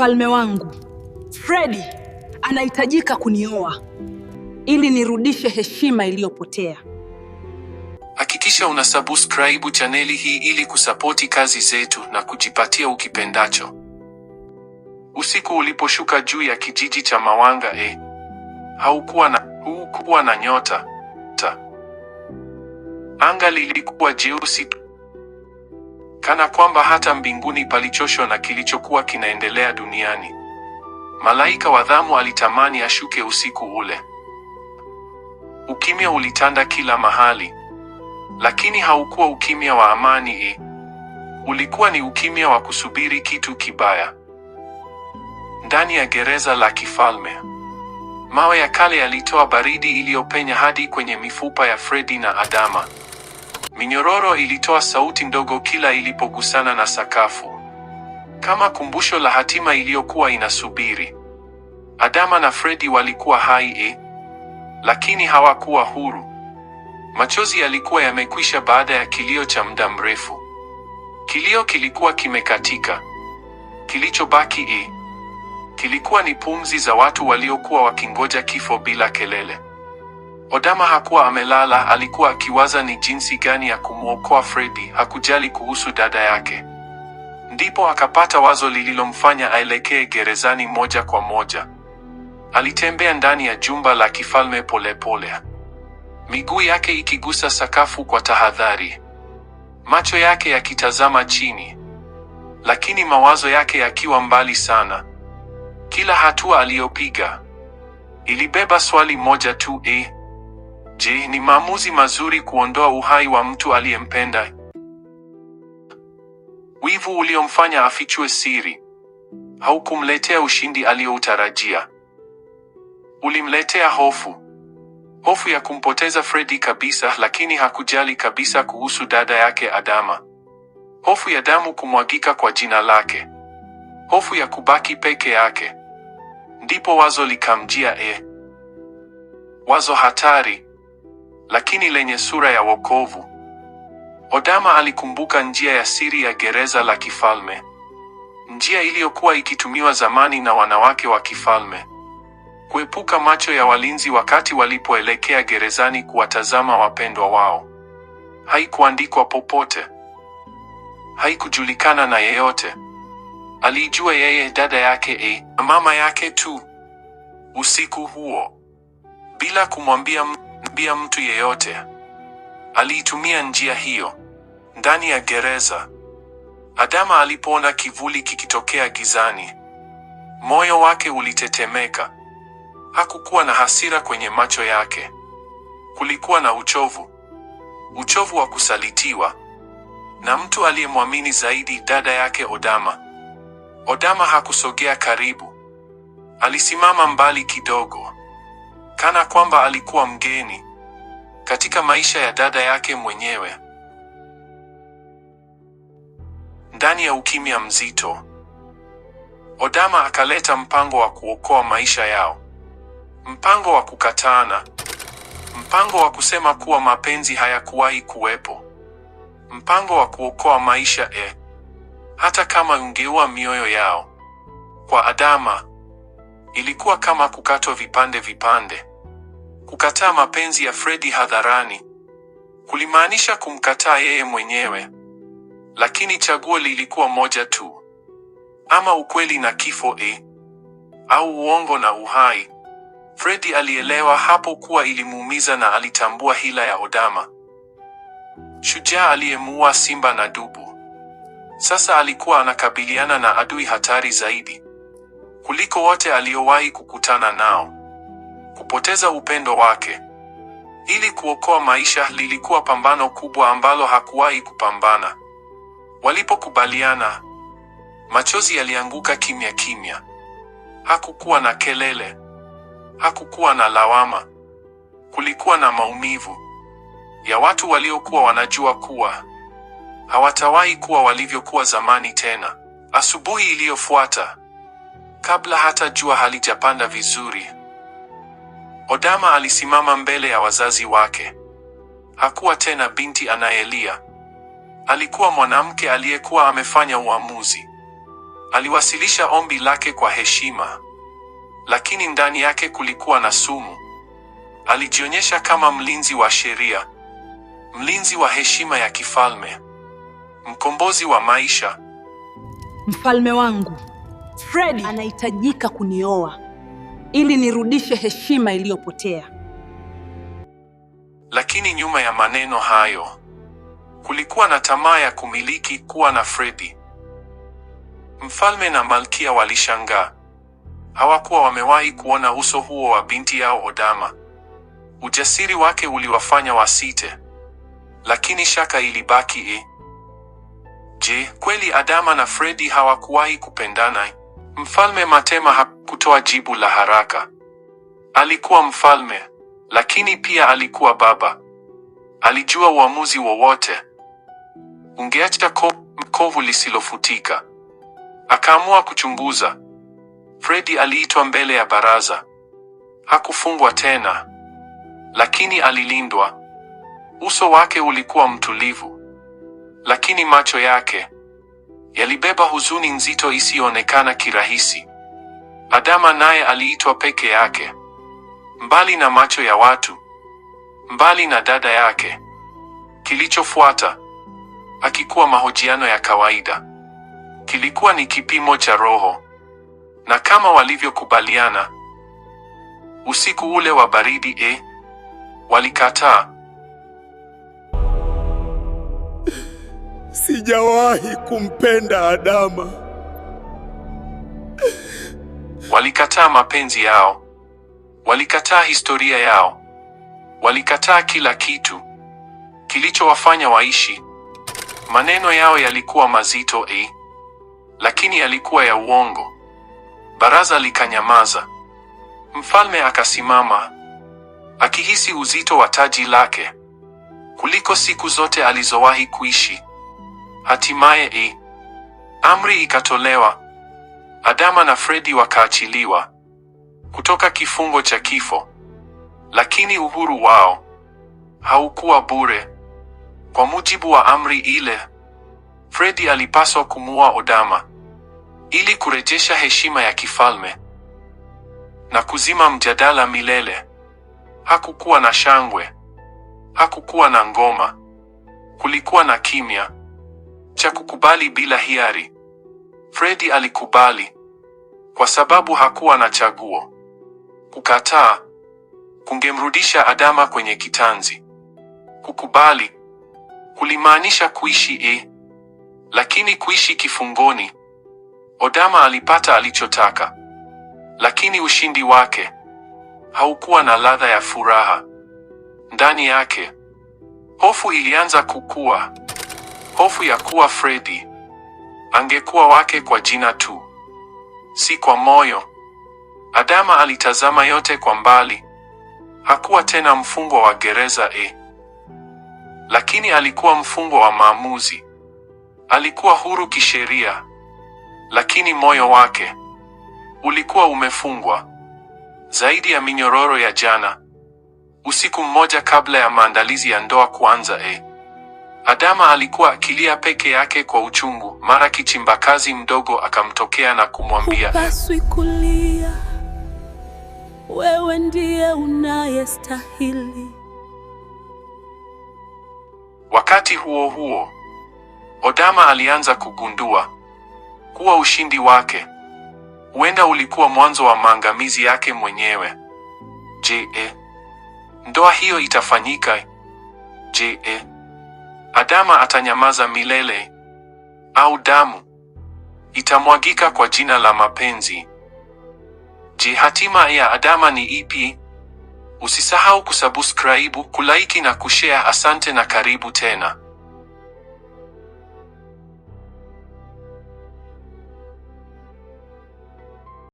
Mfalme wangu, Fredi anahitajika kunioa ili nirudishe heshima iliyopotea. Hakikisha una subscribe chaneli hii ili kusapoti kazi zetu na kujipatia ukipendacho. Usiku uliposhuka juu ya kijiji cha Mawanga e, haukuwa na haukuwa na nyota ta. Anga lilikuwa jeusi kana kwamba hata mbinguni palichoshwa na kilichokuwa kinaendelea duniani. Malaika wa dhamu alitamani ashuke usiku ule. Ukimya ulitanda kila mahali, lakini haukuwa ukimya wa amani Hii ulikuwa ni ukimya wa kusubiri kitu kibaya. Ndani ya gereza la kifalme, mawe ya kale yalitoa baridi iliyopenya hadi kwenye mifupa ya Fredi na Adama. Minyororo ilitoa sauti ndogo kila ilipogusana na sakafu, kama kumbusho la hatima iliyokuwa inasubiri. Adama na Fredi walikuwa hai e, lakini hawakuwa huru. Machozi yalikuwa yamekwisha baada ya kilio cha muda mrefu. Kilio kilikuwa kimekatika. Kilichobaki e, kilikuwa ni pumzi za watu waliokuwa wakingoja kifo bila kelele. Odama hakuwa amelala, alikuwa akiwaza ni jinsi gani ya kumwokoa Freddy. Hakujali kuhusu dada yake. Ndipo akapata wazo lililomfanya aelekee gerezani moja kwa moja. Alitembea ndani ya jumba la kifalme polepole, miguu yake ikigusa sakafu kwa tahadhari, macho yake yakitazama chini, lakini mawazo yake yakiwa mbali sana. Kila hatua aliyopiga ilibeba swali moja tu, eh, Je, ni maamuzi mazuri kuondoa uhai wa mtu aliyempenda? Wivu uliomfanya afichwe siri haukumletea ushindi aliyoutarajia, ulimletea hofu, hofu ya kumpoteza Freddy kabisa. Lakini hakujali kabisa kuhusu dada yake Adama, hofu ya damu kumwagika kwa jina lake, hofu ya kubaki peke yake. Ndipo wazo likamjia, e, wazo hatari lakini lenye sura ya wokovu. Odama alikumbuka njia ya siri ya gereza la kifalme, njia iliyokuwa ikitumiwa zamani na wanawake wa kifalme kuepuka macho ya walinzi wakati walipoelekea gerezani kuwatazama wapendwa wao. Haikuandikwa popote, haikujulikana na yeyote. Alijua yeye, dada yake e, mama yake tu. Usiku huo bila kumwambia kumwambia mtu yeyote. Aliitumia njia hiyo ndani ya gereza. Adama alipoona kivuli kikitokea gizani, moyo wake ulitetemeka. Hakukuwa na hasira kwenye macho yake, kulikuwa na uchovu, uchovu wa kusalitiwa na mtu aliyemwamini zaidi, dada yake Odama. Odama hakusogea karibu, alisimama mbali kidogo, kana kwamba alikuwa mgeni katika maisha ya dada yake mwenyewe. Ndani ya ukimya mzito, Odama akaleta mpango wa kuokoa maisha yao, mpango wa kukataana, mpango wa kusema kuwa mapenzi hayakuwahi kuwepo, mpango wa kuokoa maisha e, hata kama ungeua mioyo yao. Kwa Adama ilikuwa kama kukatwa vipande vipande. Kukataa mapenzi ya Fredi hadharani kulimaanisha kumkataa yeye mwenyewe, lakini chaguo lilikuwa moja tu: ama ukweli na kifo e, au uongo na uhai. Fredi alielewa hapo kuwa ilimuumiza na alitambua hila ya Odama, shujaa aliyemuua simba na dubu. Sasa alikuwa anakabiliana na adui hatari zaidi kuliko wote aliowahi kukutana nao kupoteza upendo wake. Ili kuokoa maisha lilikuwa pambano kubwa ambalo hakuwahi kupambana. Walipokubaliana, machozi yalianguka kimya kimya. Hakukuwa na kelele, hakukuwa na lawama, kulikuwa na maumivu ya watu waliokuwa wanajua kuwa hawatawahi kuwa walivyokuwa zamani tena. Asubuhi iliyofuata, kabla hata jua halijapanda vizuri odama alisimama mbele ya wazazi wake. Hakuwa tena binti anayelia. Alikuwa mwanamke aliyekuwa amefanya uamuzi. Aliwasilisha ombi lake kwa heshima, lakini ndani yake kulikuwa na sumu. Alijionyesha kama mlinzi wa sheria, mlinzi wa heshima ya kifalme, mkombozi wa maisha. Mfalme wangu, Fred anahitajika kunioa ili nirudishe heshima iliyopotea. Lakini nyuma ya maneno hayo kulikuwa na tamaa ya kumiliki, kuwa na Fredi. Mfalme na malkia walishangaa, hawakuwa wamewahi kuona uso huo wa binti yao Odama. Ujasiri wake uliwafanya wasite, lakini shaka ilibaki. E, je, kweli Adama na Fredi hawakuwahi kupendana? Mfalme Matema hakutoa jibu la haraka. Alikuwa mfalme, lakini pia alikuwa baba. Alijua uamuzi wowote ungeacha kovu lisilofutika. Akaamua kuchunguza. Fredi aliitwa mbele ya baraza. Hakufungwa tena, lakini alilindwa. Uso wake ulikuwa mtulivu, lakini macho yake yalibeba huzuni nzito isiyoonekana kirahisi. Adama naye aliitwa peke yake, mbali na macho ya watu, mbali na dada yake. Kilichofuata akikuwa mahojiano ya kawaida, kilikuwa ni kipimo cha roho, na kama walivyokubaliana usiku ule wa baridi e, walikataa. Sijawahi kumpenda Adama. Walikataa mapenzi yao, walikataa historia yao, walikataa kila kitu kilichowafanya waishi. Maneno yao yalikuwa mazito eh, lakini yalikuwa ya uongo. Baraza likanyamaza. Mfalme akasimama akihisi uzito wa taji lake kuliko siku zote alizowahi kuishi. Hatimaye i amri ikatolewa, Adama na Fredi wakaachiliwa kutoka kifungo cha kifo. Lakini uhuru wao haukuwa bure. Kwa mujibu wa amri ile, Fredi alipaswa kumua Odama ili kurejesha heshima ya kifalme na kuzima mjadala milele. Hakukuwa na shangwe, hakukuwa na ngoma, kulikuwa na kimya cha kukubali bila hiari. Fredi alikubali kwa sababu hakuwa na chaguo. Kukataa kungemrudisha Adama kwenye kitanzi. Kukubali kulimaanisha kuishi e, lakini kuishi kifungoni. Odama alipata alichotaka, lakini ushindi wake haukuwa na ladha ya furaha. Ndani yake hofu ilianza kukua hofu ya kuwa Freddy angekuwa wake kwa jina tu, si kwa moyo. Adama alitazama yote kwa mbali. Hakuwa tena mfungwa wa gereza e, lakini alikuwa mfungwa wa maamuzi. Alikuwa huru kisheria, lakini moyo wake ulikuwa umefungwa zaidi ya minyororo ya jana. Usiku mmoja kabla ya maandalizi ya ndoa kuanza e Adama alikuwa akilia peke yake kwa uchungu. Mara kichimbakazi mdogo akamtokea na kumwambia, hupaswi kulia, wewe ndiye unayestahili. Wakati huo huo, Odama alianza kugundua kuwa ushindi wake huenda ulikuwa mwanzo wa maangamizi yake mwenyewe. Je, eh, ndoa hiyo itafanyika? Je, eh, Adama atanyamaza milele, au damu itamwagika kwa jina la mapenzi. Je, hatima ya Adama ni ipi? Usisahau kusubscribe, kulaiki na kushare. Asante na karibu tena.